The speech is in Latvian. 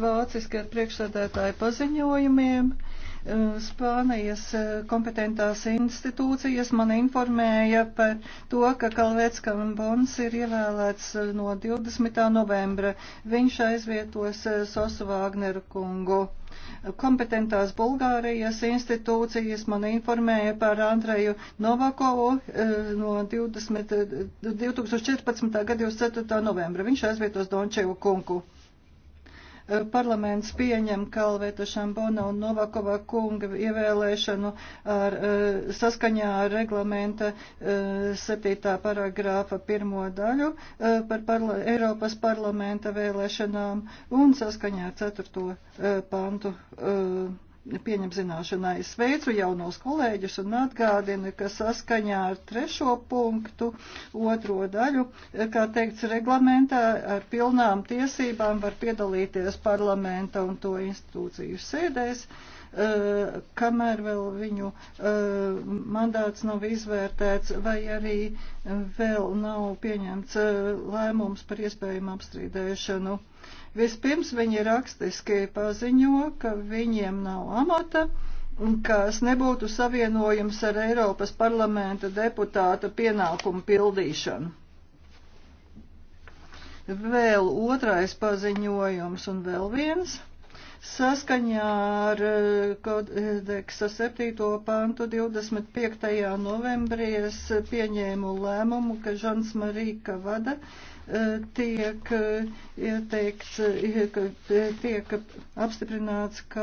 vāciski ar priekšsēdētāju paziņojumiem. Eh, Spānijas eh, kompetentās institūcijas man informēja par to, ka Kalvēckam Bons ir ievēlēts eh, no 20. novembra. Viņš aizvietos Sosu Vāgneru kungu. Kompetentās Bulgārijas institūcijas man informēja par Andreju Novakovu no 20, 2014. gada 24. novembra. Viņš aizvietos Dončevu kungu. Parlaments pieņem Kalveta Šambona un Novakova kunga ievēlēšanu ar, e, saskaņā ar reglamenta 7. E, paragrāfa 1. daļu e, par parla Eiropas parlamenta vēlēšanām un saskaņā ar 4. pantu pieņem zināšanai. Sveicu jaunos kolēģus un atgādinu, ka saskaņā ar trešo punktu, otro daļu, kā teikts reglamentā, ar pilnām tiesībām var piedalīties parlamenta un to institūciju sēdēs eh, kamēr vēl viņu eh, mandāts nav izvērtēts, vai arī vēl nav pieņemts eh, lēmums par iespējumu apstrīdēšanu. Vispirms viņi rakstiski paziņo, ka viņiem nav amata kas nebūtu savienojams ar Eiropas parlamenta deputāta pienākumu pildīšanu. Vēl otrais paziņojums un vēl viens. Saskaņā ar eh, kodeksa 7. pantu 25. novembrī es pieņēmu lēmumu, ka Žants Marīka vada eh, tiek eh, ieteikts, tiek apstiprināts, ka